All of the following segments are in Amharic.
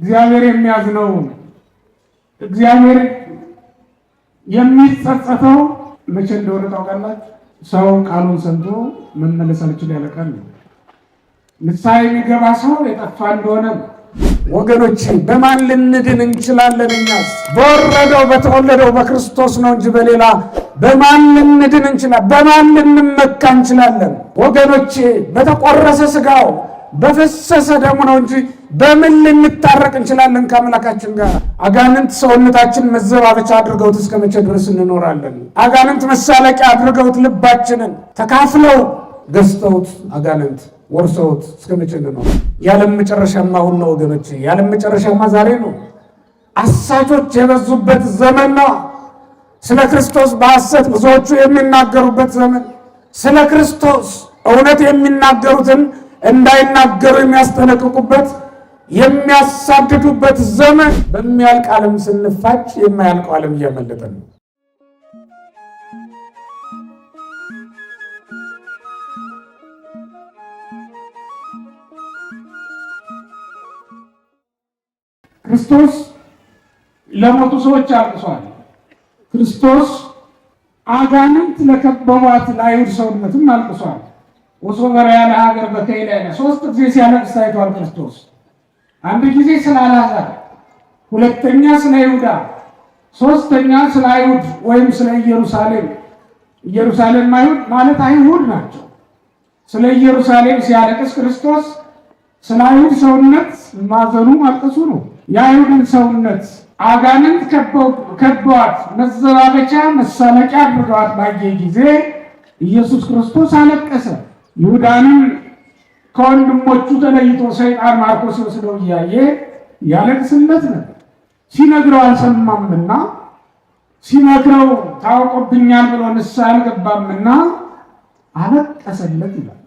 እግዚአብሔር የሚያዝነው እግዚአብሔር የሚጸጸተው መቼ እንደሆነ ታውቃላችሁ? ሰው ቃሉን ሰምቶ መመለስ አልችል ያለ ነው። ንስሐ የሚገባ ሰው የጠፋ እንደሆነ ወገኖች፣ በማን ልንድን እንችላለን? እኛስ በወረደው በተወለደው በክርስቶስ ነው እንጂ በሌላ በማን ልንድን እንችላለን? በማን ልንመካ እንችላለን? ወገኖቼ በተቆረሰ ስጋው በፈሰሰ ደሙ ነው እንጂ በምን ልንታረቅ እንችላለን ከአምላካችን ጋር? አጋንንት ሰውነታችን መዘባበቻ አድርገውት እስከ መቼ ድረስ እንኖራለን? አጋንንት መሳለቂያ አድርገውት ልባችንን ተካፍለው ገዝተውት አጋንንት ወርሰውት እስከ መቼ እንኖር? የዓለም መጨረሻማ አሁን ነው ወገኖች፣ የዓለም መጨረሻማ ዛሬ ነው። አሳቾች የበዙበት ዘመን ነው። ስለ ክርስቶስ በሐሰት ብዙዎቹ የሚናገሩበት ዘመን፣ ስለ ክርስቶስ እውነት የሚናገሩትን እንዳይናገሩ የሚያስጠነቅቁበት የሚያሳድዱበት ዘመን በሚያልቅ ዓለም ስንፋጭ የማያልቀው ዓለም እያመለጠ ነው። ክርስቶስ ለሞቱ ሰዎች አልቅሷል። ክርስቶስ አጋንንት ለከበቧት ለአይሁድ ሰውነትም አልቅሷል። ውጹ በሪያነ ሀገር በከይላይነ ሶስት ጊዜ ሲያለቅስ ታይቷል ክርስቶስ። አንድ ጊዜ ስለ አልዓዛር፣ ሁለተኛ ስለ ይሁዳ፣ ሶስተኛ ስለ አይሁድ ወይም ስለ ኢየሩሳሌም። ኢየሩሳሌም አይሁድ ማለት አይሁድ ናቸው። ስለ ኢየሩሳሌም ሲያለቅስ ክርስቶስ ስለ አይሁድ ሰውነት ማዘኑ ማልቀሱ ነው። የአይሁድን ሰውነት አጋንንት ከበዋት መዘባበቻ መሳለቂያ አድርገዋት ባየ ጊዜ ኢየሱስ ክርስቶስ አለቀሰ። ይሁዳንም ከወንድሞቹ ተለይቶ ሰይጣን ማርኮስ ወስደው እያየ ያለቅስለት ነበር። ሲነግረው አልሰማምና ሲነግረው ታውቆብኛል ብሎ ንስሐ አልገባምና አለቀሰለት ይላል።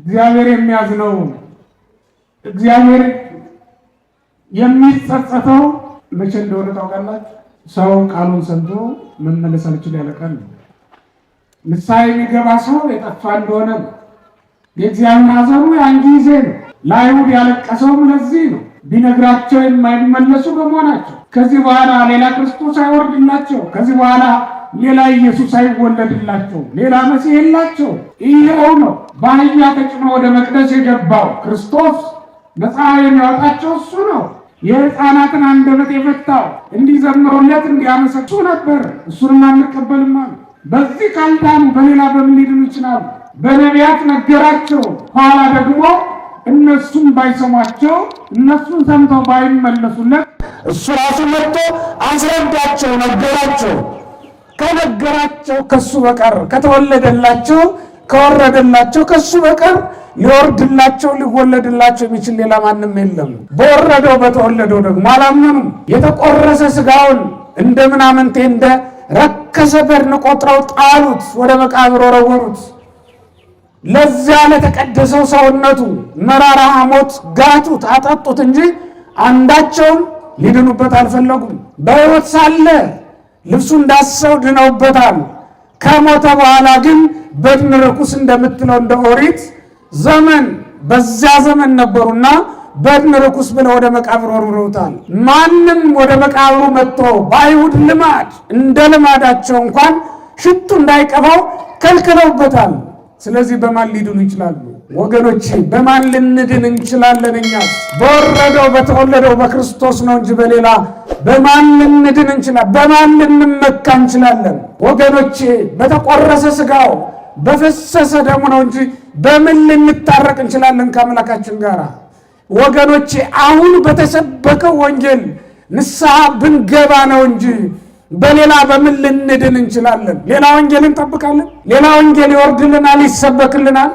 እግዚአብሔር የሚያዝነው እግዚአብሔር የሚጸጸተው መቼ እንደሆነ ታውቃላችሁ? ሰው ቃሉን ሰምቶ መመለስ አልችል ያለቃል። ነው። ንስሐ የሚገባ ሰው የጠፋ እንደሆነ ነው። የእግዚአብሔር ሐዘኑ ያን ጊዜ ነው። ለአይሁድ ያለቀሰውም ለዚህ ነው፣ ቢነግራቸው የማይመለሱ በመሆናቸው ከዚህ በኋላ ሌላ ክርስቶስ አይወርድላቸው፣ ከዚህ በኋላ ሌላ ኢየሱስ አይወለድላቸው፣ ሌላ መሲህ የላቸው። ይኸው ነው በአህያ ተጭኖ ወደ መቅደስ የገባው ክርስቶስ። ነፃ የሚያወጣቸው እሱ ነው። የሕፃናትን አንደበት የፈታው እንዲዘምሩለት እንዲያመሰሱ ነበር። እሱንም አንቀበልም አሉ። በዚህ ካልዳኑ በሌላ በምን ሊድኑ ይችላሉ? በነቢያት ነገራቸው። ኋላ ደግሞ እነሱም ባይሰሟቸው እነሱን ሰምተው ባይመለሱለት እሱ ራሱ መጥቶ አስረዳቸው፣ ነገራቸው። ከነገራቸው ከሱ በቀር ከተወለደላቸው ከወረደላቸው ከሱ በቀር ሊወርድላቸው ሊወለድላቸው የሚችል ሌላ ማንም የለም። በወረደው በተወለደው ደግሞ አላመኑም። የተቆረሰ ስጋውን እንደ ምናምንቴ እንደ ረከሰ በድን ቆጥረው ጣሉት፣ ወደ መቃብር ወረወሩት። ለዚያ ለተቀደሰው ሰውነቱ መራራ ሐሞት ጋቱት፣ አጠጡት እንጂ አንዳቸውም ሊድኑበት አልፈለጉም። በሕይወት ሳለ ልብሱ እንዳሰው ድነውበታል። ከሞተ በኋላ ግን በድን ርኩስ እንደምትለው እንደ ኦሪት ዘመን በዚያ ዘመን ነበሩና በድን ርኩስ ብለው ወደ መቃብር ወርውረውታል። ማንም ወደ መቃብሩ መጥቶ በአይሁድ ልማድ እንደ ልማዳቸው እንኳን ሽቱ እንዳይቀፋው ከልክለውበታል። ስለዚህ በማን ሊድኑ ይችላሉ? ወገኖቼ በማን ልንድን እንችላለን? እኛስ በወረደው በተወለደው በክርስቶስ ነው እንጂ በሌላ በማን ልንድን እንችላለን? በማን ልንመካ እንችላለን? ወገኖቼ በተቆረሰ ስጋው በፈሰሰ ደሙ ነው እንጂ በምን ልንታረቅ እንችላለን ከአምላካችን ጋር? ወገኖቼ አሁን በተሰበከው ወንጌል ንስሐ ብንገባ ነው እንጂ በሌላ በምን ልንድን እንችላለን? ሌላ ወንጌል እንጠብቃለን? ሌላ ወንጌል ይወርድልናል፣ ይሰበክልናል፣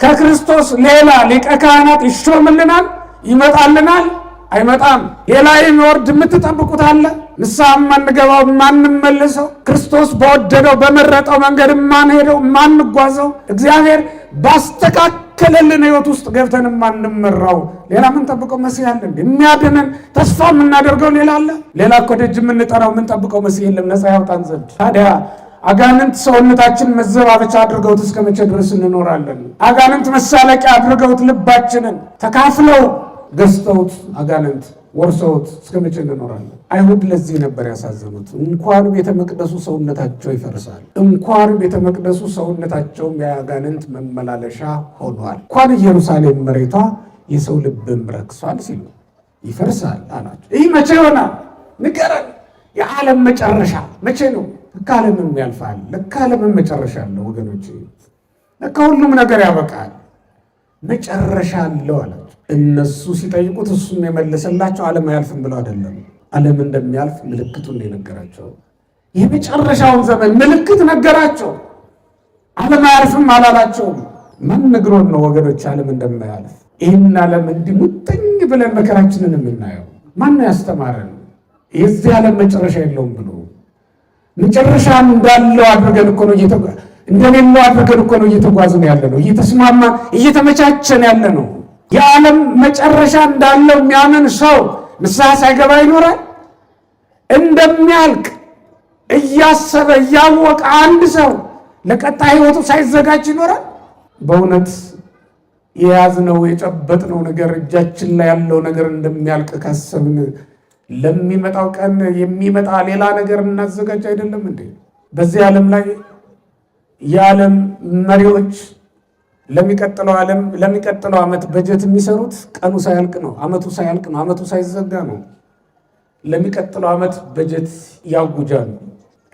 ከክርስቶስ ሌላ ሊቀ ካህናት ይሾምልናል፣ ይመጣልናል? አይመጣም። ሌላ የሚወርድ የምትጠብቁት አለ? ንስሐ የማንገባው የማንመልሰው፣ ክርስቶስ በወደደው በመረጠው መንገድ የማንሄደው የማንጓዘው እግዚአብሔር ባስተካከለልን ህይወት ውስጥ ገብተን የማንመራው ሌላ ምን ጠብቀው መሲህ አለ? የሚያድነን ተስፋ የምናደርገው ሌላ አለ? ሌላ እኮ ደጅ የምንጠራው ምን ጠብቀው መሲህ የለም፣ ነፃ ያውጣን ዘንድ። ታዲያ አጋንንት ሰውነታችን መዘባበቻ አድርገውት እስከ መቼ ድረስ እንኖራለን? አጋንንት መሳለቂያ አድርገውት ልባችንን ተካፍለው ገዝተውት አጋንንት ወርሰውት እስከ መቼ እንኖራለን? አይሁድ ለዚህ ነበር ያሳዘኑት። እንኳን ቤተ መቅደሱ ሰውነታቸው ይፈርሳል፣ እንኳን ቤተ መቅደሱ ሰውነታቸው የአጋንንት መመላለሻ ሆኗል፣ እንኳን ኢየሩሳሌም መሬቷ የሰው ልብም ረክሷል ሲሉ ይፈርሳል አላቸው። ይህ መቼ ይሆናል ንገረን። የዓለም መጨረሻ መቼ ነው? ለካ ዓለምም ያልፋል። ለካ ዓለምም መጨረሻ አለው ወገኖች። ለካ ሁሉም ነገር ያበቃል፣ መጨረሻ አለው አለ እነሱ ሲጠይቁት እሱም የመለሰላቸው ዓለም አያልፍም ብለው አይደለም፣ ዓለም እንደሚያልፍ ምልክቱን የነገራቸው የመጨረሻውን ዘመን ምልክት ነገራቸው። ዓለም አያልፍም አላላቸውም። ማን ነግሮን ነው ወገኖች ዓለም እንደማያልፍ? ይህን ዓለም እንዲህ ሙጥኝ ብለን መከራችንን የምናየው ማን ነው ያስተማረን? የዚህ ዓለም መጨረሻ የለውም ብሎ መጨረሻ እንዳለው አድርገን እኮ ነው እንደሌለው አድርገን እኮ ነው እየተጓዝን ያለ ነው፣ እየተስማማ እየተመቻቸን ያለ ነው። የዓለም መጨረሻ እንዳለው የሚያምን ሰው ንስሐ ሳይገባ ይኖራል? እንደሚያልቅ እያሰበ እያወቀ አንድ ሰው ለቀጣይ ህይወቱ ሳይዘጋጅ ይኖራል? በእውነት የያዝነው የጨበጥነው ነገር እጃችን ላይ ያለው ነገር እንደሚያልቅ ካሰብን ለሚመጣው ቀን የሚመጣ ሌላ ነገር እናዘጋጅ አይደለም እንዴ? በዚህ ዓለም ላይ የዓለም መሪዎች ለሚቀጥለው ዓለም ለሚቀጥለው ዓመት በጀት የሚሰሩት ቀኑ ሳያልቅ ነው፣ ዓመቱ ሳያልቅ ነው፣ ዓመቱ ሳይዘጋ ነው። ለሚቀጥለው ዓመት በጀት ያጉጃሉ።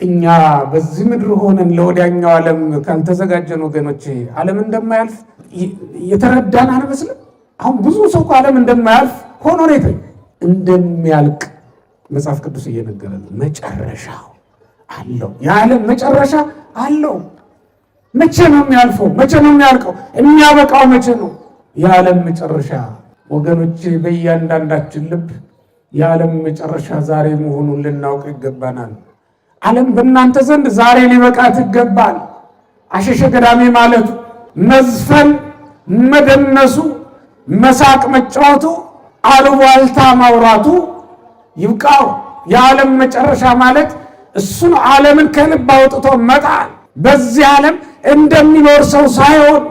እኛ በዚህ ምድር ሆነን ለወዲያኛው ዓለም ካልተዘጋጀን ወገኖች ዓለም እንደማያልፍ የተረዳን አንመስልም። አሁን ብዙ ሰው ከዓለም እንደማያልፍ ሆኖ ነው እንደሚያልቅ መጽሐፍ ቅዱስ እየነገረ መጨረሻ አለው። የዓለም መጨረሻ አለው። መቼ ነው የሚያልፈው? መቼ ነው የሚያልቀው? የሚያበቃው መቼ ነው? የዓለም መጨረሻ ወገኖቼ፣ በእያንዳንዳችን ልብ የዓለም መጨረሻ ዛሬ መሆኑን ልናውቅ ይገባናል። ዓለም በእናንተ ዘንድ ዛሬ ሊበቃት ይገባል። አሸሸ ገዳሜ ማለቱ መዝፈን፣ መደነሱ፣ መሳቅ፣ መጫወቱ፣ አልዋልታ ማውራቱ ይብቃው። የዓለም መጨረሻ ማለት እሱን ዓለምን ከልብ አውጥቶ መጣል በዚህ ዓለም እንደሚኖር ሰው ሳይሆን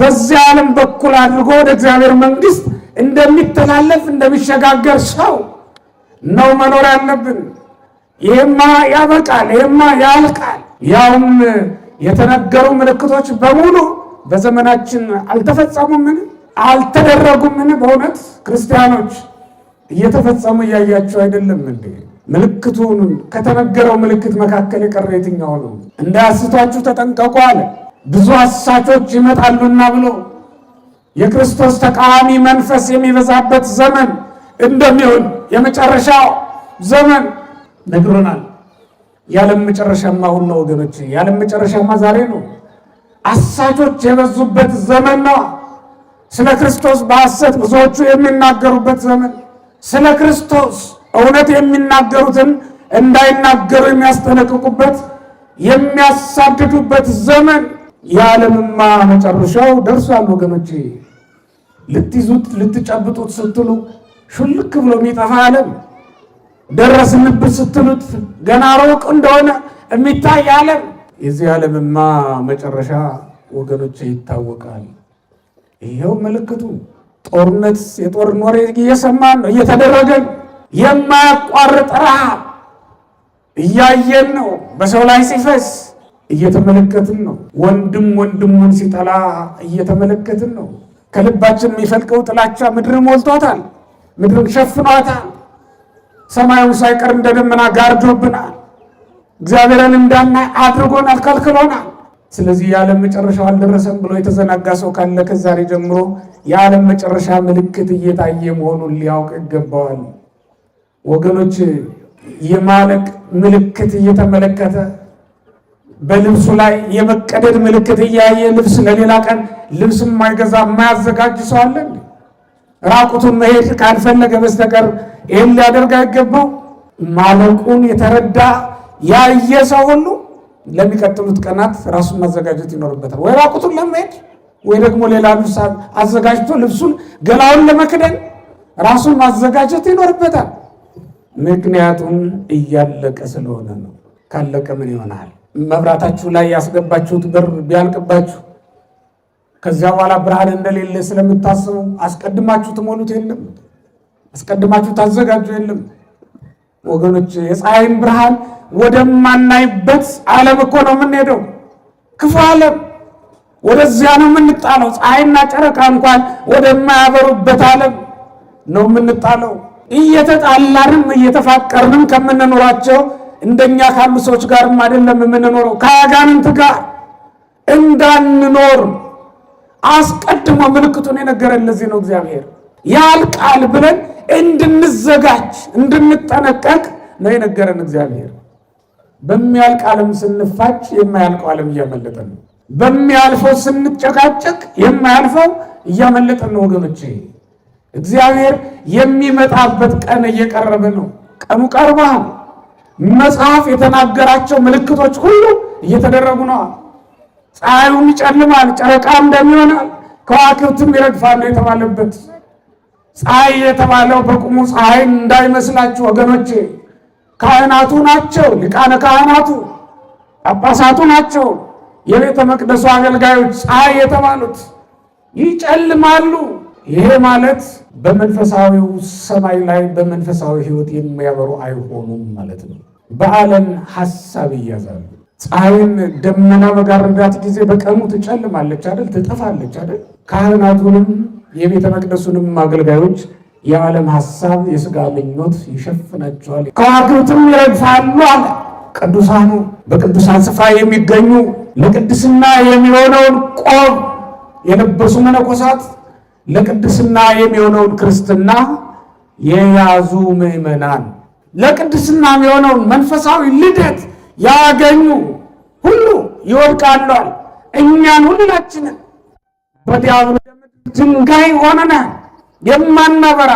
በዚያ ዓለም በኩል አድርጎ ወደ እግዚአብሔር መንግስት እንደሚተላለፍ እንደሚሸጋገር ሰው ነው መኖር ያለብን። ይሄማ ያበቃል፣ ይሄማ ያልቃል። ያውም የተነገሩ ምልክቶች በሙሉ በዘመናችን አልተፈጸሙምን? አልተደረጉምን? በእውነት ክርስቲያኖች እየተፈጸሙ እያያቸው አይደለም እንዴ? ምልክቱን ከተነገረው ምልክት መካከል የቀረ የትኛው ነው? እንዳያስቷችሁ ተጠንቀቁ አለ። ብዙ አሳቾች ይመጣሉና ብሎ የክርስቶስ ተቃዋሚ መንፈስ የሚበዛበት ዘመን እንደሚሆን የመጨረሻው ዘመን ነግሮናል። የዓለም መጨረሻማ አሁን ነው ወገኖች፣ የዓለም መጨረሻማ ዛሬ ነው። አሳቾች የበዙበት ዘመን ነው። ስለ ክርስቶስ በሐሰት ብዙዎቹ የሚናገሩበት ዘመን ስለ ክርስቶስ እውነት የሚናገሩትን እንዳይናገሩ የሚያስጠነቅቁበት የሚያሳድዱበት ዘመን የዓለምማ መጨረሻው ደርሷል ወገኖች። ልትይዙት ልትጨብጡት ስትሉ ሹልክ ብሎ የሚጠፋ ዓለም ደረስንብት ስትሉት ገና ሩቅ እንደሆነ የሚታይ ዓለም። የዚህ ዓለምማ መጨረሻ ወገኖች ይታወቃል። ይኸው ምልክቱ ጦርነት፣ የጦር ወሬ እየሰማን ነው፣ እየተደረገ የማያቋርጥ ረሃብ እያየን ነው። በሰው ላይ ሲፈስ እየተመለከትን ነው። ወንድም ወንድሙን ሲጠላ እየተመለከትን ነው። ከልባችን የሚፈልቀው ጥላቻ ምድርን ሞልቷታል፣ ምድርን ሸፍኗታል። ሰማዩን ሳይቀር እንደ ደመና ጋርዶብናል። እግዚአብሔርን እንዳናይ አድርጎናል፣ ከልክሎናል። ስለዚህ የዓለም መጨረሻው አልደረሰም ብሎ የተዘናጋ ሰው ካለ ከዛሬ ጀምሮ የዓለም መጨረሻ ምልክት እየታየ መሆኑን ሊያውቅ ይገባዋል። ወገኖች የማለቅ ምልክት እየተመለከተ በልብሱ ላይ የመቀደድ ምልክት እያየ ልብስ ለሌላ ቀን ልብስ የማይገዛ የማያዘጋጅ ሰው አለ። ራቁቱን መሄድ ካልፈለገ በስተቀር ይህን ሊያደርግ አይገባው። ማለቁን የተረዳ ያየ ሰው ሁሉ ለሚቀጥሉት ቀናት ራሱን ማዘጋጀት ይኖርበታል። ወይ ራቁቱን ለመሄድ ወይ ደግሞ ሌላ ልብስ አዘጋጅቶ ልብሱን ገላውን ለመክደን ራሱን ማዘጋጀት ይኖርበታል። ምክንያቱም እያለቀ ስለሆነ ነው። ካለቀ ምን ይሆናል? መብራታችሁ ላይ ያስገባችሁት በር ቢያልቅባችሁ ከዚያ በኋላ ብርሃን እንደሌለ ስለምታስቡ አስቀድማችሁ ትሞሉት የለም አስቀድማችሁ ታዘጋጁ የለም። ወገኖች የፀሐይን ብርሃን ወደማናይበት ዓለም እኮ ነው የምንሄደው፣ ክፉ ዓለም ወደዚያ ነው የምንጣለው። ፀሐይና ጨረቃ እንኳን ወደማያበሩበት ዓለም ነው የምንጣለው። እየተጣላንም እየተፋቀርንም ከምንኖራቸው እንደኛ ካሉ ሰዎች ጋርም አይደለም የምንኖረው፣ ከአጋንንት ጋር እንዳንኖር አስቀድሞ ምልክቱን የነገረን ለዚህ ነው። እግዚአብሔር ያልቃል ብለን እንድንዘጋጅ እንድንጠነቀቅ ነው የነገረን እግዚአብሔር። በሚያልቅ ዓለም ስንፋጭ የማያልቀው ዓለም እያመለጠን ነው። በሚያልፈው ስንጨቃጨቅ የማያልፈው እያመለጠን ነው ወገኖቼ። እግዚአብሔር የሚመጣበት ቀን እየቀረበ ነው። ቀኑ ቀርቧል። መጽሐፍ የተናገራቸው ምልክቶች ሁሉ እየተደረጉ ነው። ፀሐዩም ይጨልማል፣ ጨረቃም ደም ይሆናል፣ ከዋክብትም ይረግፋሉ የተባለበት ፀሐይ የተባለው በቁሙ ፀሐይ እንዳይመስላችሁ ወገኖቼ፣ ካህናቱ ናቸው፣ ሊቃነ ካህናቱ ጳጳሳቱ ናቸው፣ የቤተ መቅደሱ አገልጋዮች ፀሐይ የተባሉት ይጨልማሉ። ይሄ ማለት በመንፈሳዊው ሰማይ ላይ በመንፈሳዊ ህይወት የሚያበሩ አይሆኑም ማለት ነው። በዓለም ሀሳብ ይያዛሉ። ፀሐይን ደመና በጋረዳት ጊዜ በቀኑ ትጨልማለች አይደል? ትጠፋለች አይደል? ካህናቱንም የቤተ መቅደሱንም አገልጋዮች የዓለም ሀሳብ የስጋ ምኞት ይሸፍናቸዋል፣ ከዋክብትም ይረግፋሉ አለ። ቅዱሳኑ በቅዱሳን ስፍራ የሚገኙ ለቅድስና የሚሆነውን ቆብ የለበሱ መነኮሳት ለቅድስና የሚሆነውን ክርስትና የያዙ ምእመናን ለቅድስና የሚሆነውን መንፈሳዊ ልደት ያገኙ ሁሉ ይወድቃሉ። እኛን ሁላችንን በዲያብሎ ድንጋይ ሆነናል፣ የማናበራ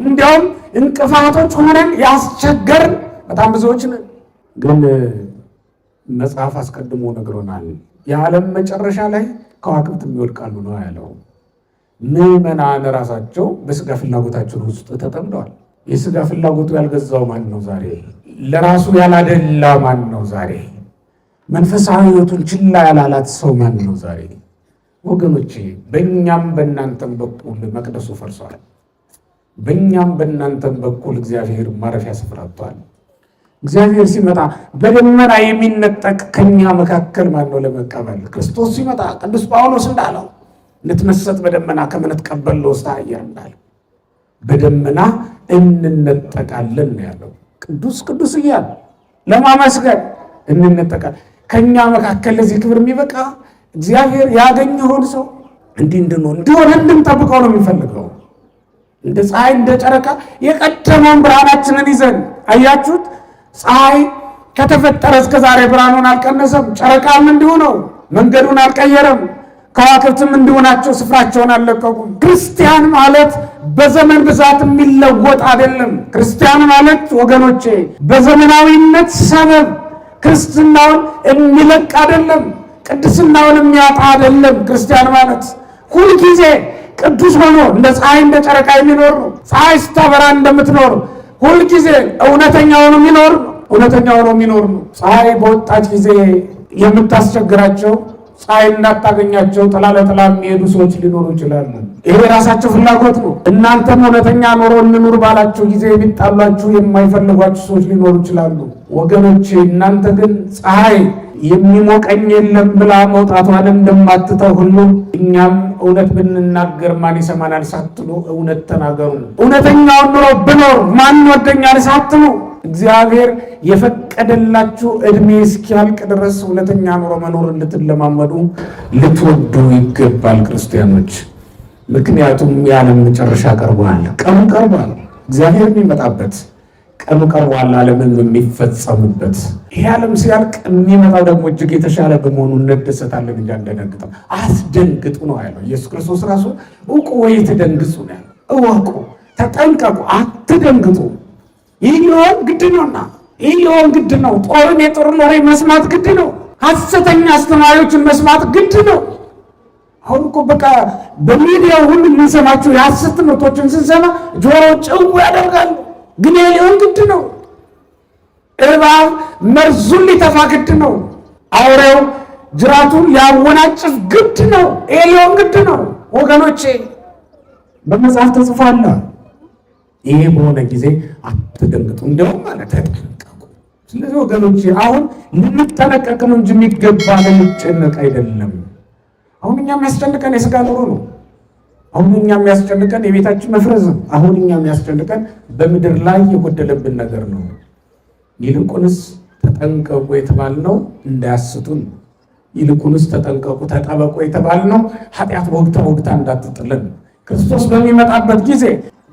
እንዲያውም እንቅፋቶች ሆነን ያስቸገርን በጣም ብዙዎች ግን መጽሐፍ አስቀድሞ ነግሮናል። የዓለም መጨረሻ ላይ ከዋክብት የሚወድቃሉ ነው ያለው። ምዕመናን ራሳቸው በስጋ ፍላጎታቸው ውስጥ ተጠምደዋል። የስጋ ፍላጎቱ ያልገዛው ማን ነው ዛሬ? ለራሱ ያላደላ ማን ነው ዛሬ? መንፈሳዊ ሕይወቱን ችላ ያላላት ሰው ማን ነው ዛሬ? ወገኖቼ በእኛም በእናንተም በኩል መቅደሱ ፈርሷል። በእኛም በእናንተም በኩል እግዚአብሔር ማረፊያ ስፍራቷል። እግዚአብሔር ሲመጣ በደመና የሚነጠቅ ከኛ መካከል ማን ነው ለመቀበል? ክርስቶስ ሲመጣ ቅዱስ ጳውሎስ እንዳለው ንትመሰጥ በደመና ከመነትቀበል ለውስተ ኃያል እንዳለ በደመና እንነጠቃለን ያለው ቅዱስ ቅዱስ እያለ ለማመስገን እንነጠቃለን። ከእኛ መካከል ለዚህ ክብር የሚበቃ እግዚአብሔር ያገኘውን ሰው እንዲህ እንድንሆን እንዲሆን እንድንጠብቀው ነው የሚፈልገው። እንደ ፀሐይ እንደ ጨረቃ የቀደመውን ብርሃናችንን ይዘን አያችሁት። ፀሐይ ከተፈጠረ እስከ ዛሬ ብርሃኑን አልቀነሰም። ጨረቃም እንዲሁ ነው፣ መንገዱን አልቀየረም። ከዋክብትም እንዲሆናቸው ስፍራቸውን አልለቀቁም። ክርስቲያን ማለት በዘመን ብዛት የሚለወጥ አይደለም። ክርስቲያን ማለት ወገኖቼ በዘመናዊነት ሰበብ ክርስትናውን የሚለቅ አይደለም፣ ቅድስናውን የሚያጣ አይደለም። ክርስቲያን ማለት ሁልጊዜ ቅዱስ ሆኖ እንደ ፀሐይ እንደ ጨረቃ የሚኖር ነው። ፀሐይ ስታበራ እንደምትኖር ሁልጊዜ እውነተኛ ሆኖ የሚኖር ነው። እውነተኛ ሆኖ የሚኖር ነው። ፀሐይ በወጣች ጊዜ የምታስቸግራቸው ፀሐይ እንዳታገኛቸው ጥላ ለጥላ የሚሄዱ ሰዎች ሊኖሩ ይችላሉ። ይሄ የራሳቸው ፍላጎት ነው። እናንተም እውነተኛ ኑሮ እንኑር ባላቸው ጊዜ የሚጣሏችሁ የማይፈልጓችሁ ሰዎች ሊኖሩ ይችላሉ። ወገኖቼ እናንተ ግን ፀሐይ የሚሞቀኝ የለም ብላ መውጣቷን እንደማትተው ሁሉ እኛም እውነት ብንናገር ማን ይሰማናል ሳትሉ እውነት ተናገሩ። እውነተኛውን ኑሮ ብኖር ማን ወደኛል ሳትሉ እግዚአብሔር የፈቀደላችሁ እድሜ እስኪያልቅ ድረስ እውነተኛ ኑሮ መኖር እንድትለማመዱ ልትወዱ ይገባል ክርስቲያኖች። ምክንያቱም የዓለም መጨረሻ ቀርቧል። ቀኑ ቀርቧል። እግዚአብሔር የሚመጣበት ቀኑ ቀርቧል። ዓለምም የሚፈጸሙበት ይሄ ዓለም ሲያልቅ የሚመጣው ደግሞ እጅግ የተሻለ በመሆኑ እንደሰታለን እንጂ አንደነግጥም። አስደንግጡ ነው ያለው ኢየሱስ ክርስቶስ ራሱ። እውቁ ወይ ትደንግጹ ነው ያለው። እወቁ፣ ተጠንቀቁ፣ አትደንግጡ ይህ ሊሆን ግድ ነውና ይህ ሊሆን ግድ ነው። ጦርን የጦርን ወሬ መስማት ግድ ነው። ሐሰተኛ አስተማሪዎችን መስማት ግድ ነው። አሁን እኮ በቃ በሚዲያው ሁሉ የምንሰማቸው የሐሰት ትምህርቶችን ስንሰማ ጆሮ ጭው ያደርጋሉ። ግን ይህ ሊሆን ግድ ነው። እባብ መርዙን ሊተፋ ግድ ነው። አውሬው ጅራቱን ሊያወናጭፍ ግድ ነው። ይህ ሊሆን ግድ ነው። ወገኖቼ በመጽሐፍ ተጽፏል። ይሄ በሆነ ጊዜ አትደንግጡ፣ እንደውም ማለት ተጠንቀቁ። ስለዚህ ወገኖች አሁን ልንጠነቀቅ ነው እንጂ የሚገባ ልንጨነቅ አይደለም። አሁን እኛ የሚያስጨንቀን የስጋ ኑሮ ነው። አሁን እኛ የሚያስጨንቀን የቤታችን መፍረዝ ነው። አሁን እኛ የሚያስጨንቀን በምድር ላይ የጎደለብን ነገር ነው። ይልቁንስ ተጠንቀቁ የተባልነው እንዳያስቱን፣ ይልቁንስ ተጠንቀቁ ተጠበቁ የተባልነው ኃጢአት ወግታ ወግታ እንዳትጥለን ክርስቶስ በሚመጣበት ጊዜ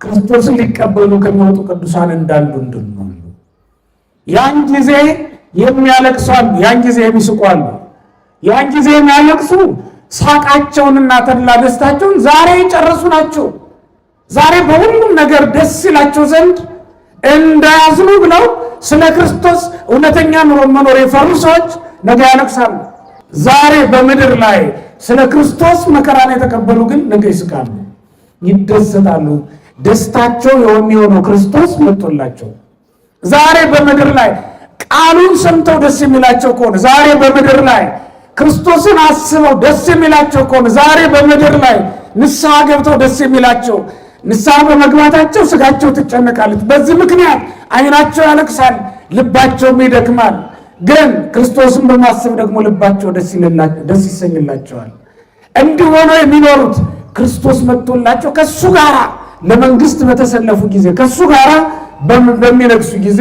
ክርስቶስን ሊቀበሉ ከሚወጡ ቅዱሳን እንዳንዱ እንድንሆን ያን ጊዜ የሚያለቅሷል፣ ያን ጊዜ የሚስቋሉ፣ ያን ጊዜ የሚያለቅሱ ሳቃቸውንና ተድላ ደስታቸውን ዛሬ የጨረሱ ናቸው። ዛሬ በሁሉም ነገር ደስ ይላቸው ዘንድ እንዳያዝኑ ብለው ስለ ክርስቶስ እውነተኛ ኑሮ መኖር የፈሩ ሰዎች ነገ ያለቅሳሉ። ዛሬ በምድር ላይ ስለ ክርስቶስ መከራን የተቀበሉ ግን ነገ ይስቃሉ፣ ይደሰታሉ። ደስታቸው የሚሆነው ክርስቶስ መጥቶላቸው ዛሬ በምድር ላይ ቃሉን ሰምተው ደስ የሚላቸው ከሆነ ዛሬ በምድር ላይ ክርስቶስን አስበው ደስ የሚላቸው ከሆነ ዛሬ በምድር ላይ ንስሐ ገብተው ደስ የሚላቸው ንስሐ በመግባታቸው ስጋቸው ትጨነቃለች። በዚህ ምክንያት አይናቸው ያለቅሳል፣ ልባቸውም ይደክማል። ግን ክርስቶስን በማሰብ ደግሞ ልባቸው ደስ ይሰኝላቸዋል። እንዲህ ሆነው የሚኖሩት ክርስቶስ መጥቶላቸው ከእሱ ጋር ለመንግስት በተሰለፉ ጊዜ ከእሱ ጋር በሚነግሱ ጊዜ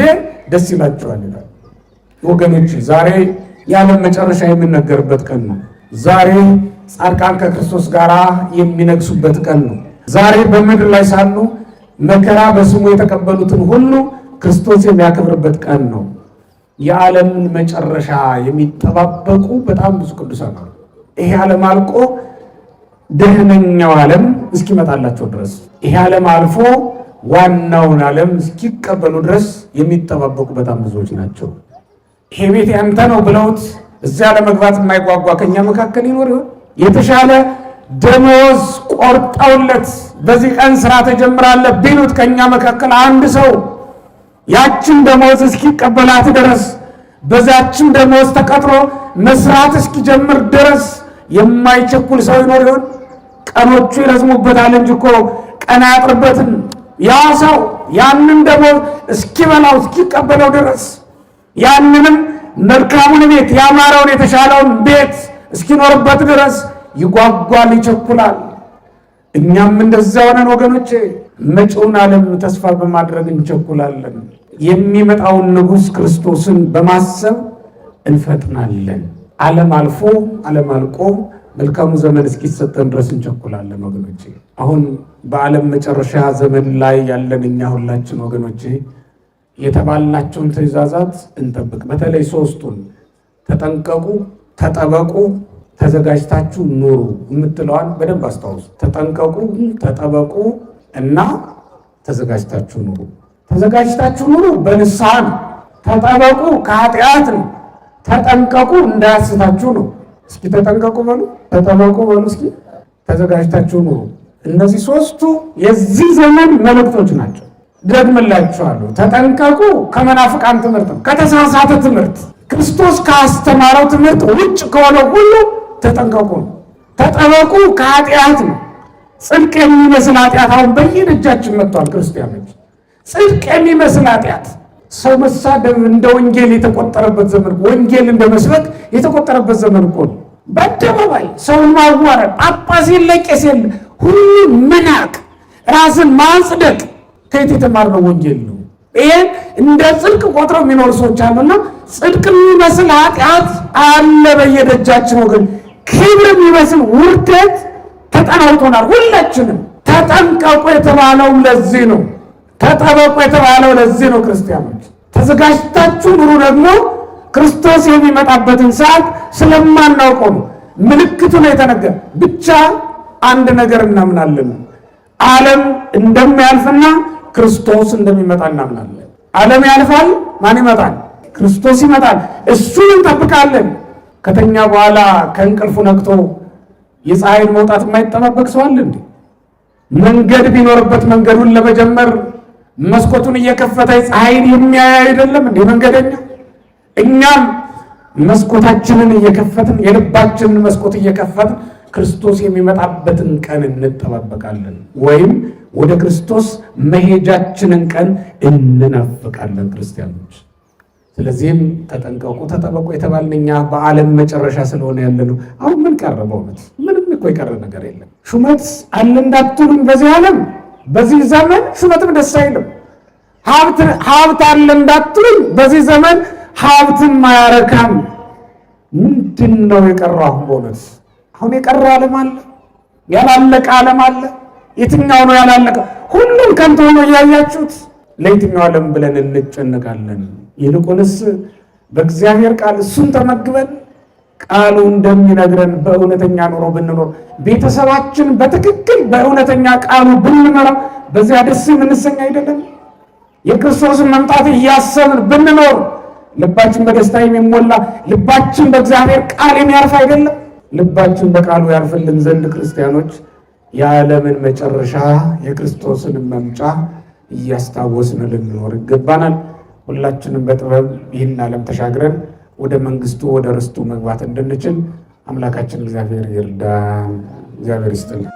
ደስ ይላቸዋል ይላል። ወገኖች ዛሬ የዓለም መጨረሻ የሚነገርበት ቀን ነው። ዛሬ ጻድቃን ከክርስቶስ ጋር የሚነግሱበት ቀን ነው። ዛሬ በምድር ላይ ሳሉ መከራ በስሙ የተቀበሉትን ሁሉ ክርስቶስ የሚያከብርበት ቀን ነው። የዓለምን መጨረሻ የሚጠባበቁ በጣም ብዙ ቅዱሳን አሉ። ይሄ ዓለም አልቆ ደህነኛው ዓለም እስኪመጣላቸው ድረስ ይሄ ዓለም አልፎ ዋናውን ዓለም እስኪቀበሉ ድረስ የሚጠባበቁ በጣም ብዙዎች ናቸው። ይሄ ቤት ያንተ ነው ብለውት እዚያ ለመግባት የማይጓጓ ከኛ መካከል ይኖር ይሆን? የተሻለ ደመወዝ ቆርጠውለት በዚህ ቀን ስራ ተጀምራለ ቢሉት ከኛ መካከል አንድ ሰው ያችን ደመወዝ እስኪቀበላት ድረስ በዛችን ደመወዝ ተቀጥሮ መስራት እስኪጀምር ድረስ የማይቸኩል ሰው ይኖር ይሆን? ቀኖቹ ይረዝሙበታል እንጂ እኮ ቀን አያጥርበትም። ያ ሰው ያንን ደግሞ እስኪበላው እስኪቀበለው ድረስ ያንንም መልካሙን ቤት ያማረውን የተሻለውን ቤት እስኪኖርበት ድረስ ይጓጓል፣ ይቸኩላል። እኛም እንደዛ ሆነን ወገኖቼ መጪውን ዓለም ተስፋ በማድረግ እንቸኩላለን። የሚመጣውን ንጉሥ ክርስቶስን በማሰብ እንፈጥናለን። ዓለም አልፎ ዓለም አልቆ መልካሙ ዘመን እስኪሰጠን ድረስ እንቸኩላለን ወገኖቼ። አሁን በዓለም መጨረሻ ዘመን ላይ ያለን እኛ ሁላችን ወገኖቼ የተባልናቸውን ትእዛዛት እንጠብቅ። በተለይ ሶስቱን ተጠንቀቁ፣ ተጠበቁ፣ ተዘጋጅታችሁ ኑሩ የምትለዋን በደንብ አስታውሱ። ተጠንቀቁ፣ ተጠበቁ እና ተዘጋጅታችሁ ኑሩ። ተዘጋጅታችሁ ኑሩ በንስሐ ነው። ተጠበቁ ከኃጢአት ነው። ተጠንቀቁ እንዳያስታችሁ ነው። እስኪ ተጠንቀቁ በሉ፣ ተጠበቁ በሉ፣ እስኪ ተዘጋጅታችሁ ኑሩ። እነዚህ ሶስቱ የዚህ ዘመን መልእክቶች ናቸው። ደግምላችኋለሁ። ተጠንቀቁ ከመናፍቃን ትምህርት ነው፣ ከተሳሳተ ትምህርት፣ ክርስቶስ ካስተማረው ትምህርት ውጭ ከሆነ ሁሉ ተጠንቀቁ ነው። ተጠበቁ ከኃጢአት ነው። ጽድቅ የሚመስል ኃጢአት አሁን በየደጃችን መጥቷል። ክርስቲያኖች ጽድቅ የሚመስል ኃጢአት ሰው መሳደብ እንደ ወንጌል የተቆጠረበት ዘመን ወንጌል እንደ መስበክ የተቆጠረበት ዘመን እኮ ነው። በአደባባይ ሰው ማዋረድ፣ ጳጳስ የለ ቄስ የለ፣ ሁሉ መናቅ፣ ራስን ማጽደቅ ከየት የተማርነው ወንጌል ነው? ይሄን እንደ ጽድቅ ቆጥሮ የሚኖሩ ሰዎች አሉና ጽድቅ የሚመስል ኃጢአት አለ በየደጃችን ወገን። ክብር የሚመስል ውርደት ተጠናውቶናል። ሁላችንም ተጠንቀቁ የተባለው ለዚህ ነው። ተጠበቁ የተባለው ለዚህ ነው። ክርስቲያኖች ተዘጋጅታችሁ ኑሩ። ደግሞ ክርስቶስ የሚመጣበትን ሰዓት ስለማናውቀው ነው። ምልክቱ ነው የተነገረ። ብቻ አንድ ነገር እናምናለን፣ ዓለም እንደሚያልፍና ክርስቶስ እንደሚመጣ እናምናለን። ዓለም ያልፋል። ማን ይመጣል? ክርስቶስ ይመጣል። እሱን እንጠብቃለን። ከተኛ በኋላ ከእንቅልፉ ነቅቶ የፀሐይን መውጣት የማይጠባበቅ ሰው አለ እንዴ? መንገድ ቢኖርበት መንገዱን ለመጀመር መስኮቱን እየከፈተ ፀሐይን የሚያይ አይደለም እንዲህ መንገደኛ። እኛም መስኮታችንን እየከፈትን የልባችንን መስኮት እየከፈትን ክርስቶስ የሚመጣበትን ቀን እንጠባበቃለን፣ ወይም ወደ ክርስቶስ መሄጃችንን ቀን እንናፍቃለን ክርስቲያኖች። ስለዚህም ተጠንቀቁ፣ ተጠበቁ የተባልን እኛ በዓለም መጨረሻ ስለሆነ ያለ ነው። አሁን ምን ቀረ? በእውነት ምንም እኮ የቀረ ነገር የለም። ሹመት አለ እንዳትሉኝ በዚህ ዓለም በዚህ ዘመን ሹመትም ደስ አይልም። ሀብት አለ እንዳትሉኝ፣ በዚህ ዘመን ሀብትም አያረካም። ምንድን ነው የቀራሁ? አሁን በእውነት አሁን የቀረ ዓለም አለ፣ ያላለቀ ዓለም አለ። የትኛው ነው ያላለቀ? ሁሉም ከንቱ ሆኖ እያያችሁት፣ ለየትኛው ዓለም ብለን እንጨነቃለን? ይልቁንስ በእግዚአብሔር ቃል እሱን ተመግበን ቃሉ እንደሚነግረን በእውነተኛ ኑሮ ብንኖር ቤተሰባችን በትክክል በእውነተኛ ቃሉ ብንመራ በዚያ ደስ የምንሰኝ አይደለም? የክርስቶስን መምጣት እያሰብን ብንኖር ልባችን በደስታ የሚሞላ ልባችን በእግዚአብሔር ቃል የሚያርፍ አይደለም? ልባችን በቃሉ ያርፍልን ዘንድ ክርስቲያኖች የዓለምን መጨረሻ የክርስቶስን መምጫ እያስታወስን ልንኖር ይገባናል። ሁላችንም በጥበብ ይህን ዓለም ተሻግረን ወደ መንግስቱ ወደ ርስቱ መግባት እንድንችል አምላካችን እግዚአብሔር ይርዳ። እግዚአብሔር ይስጥልን።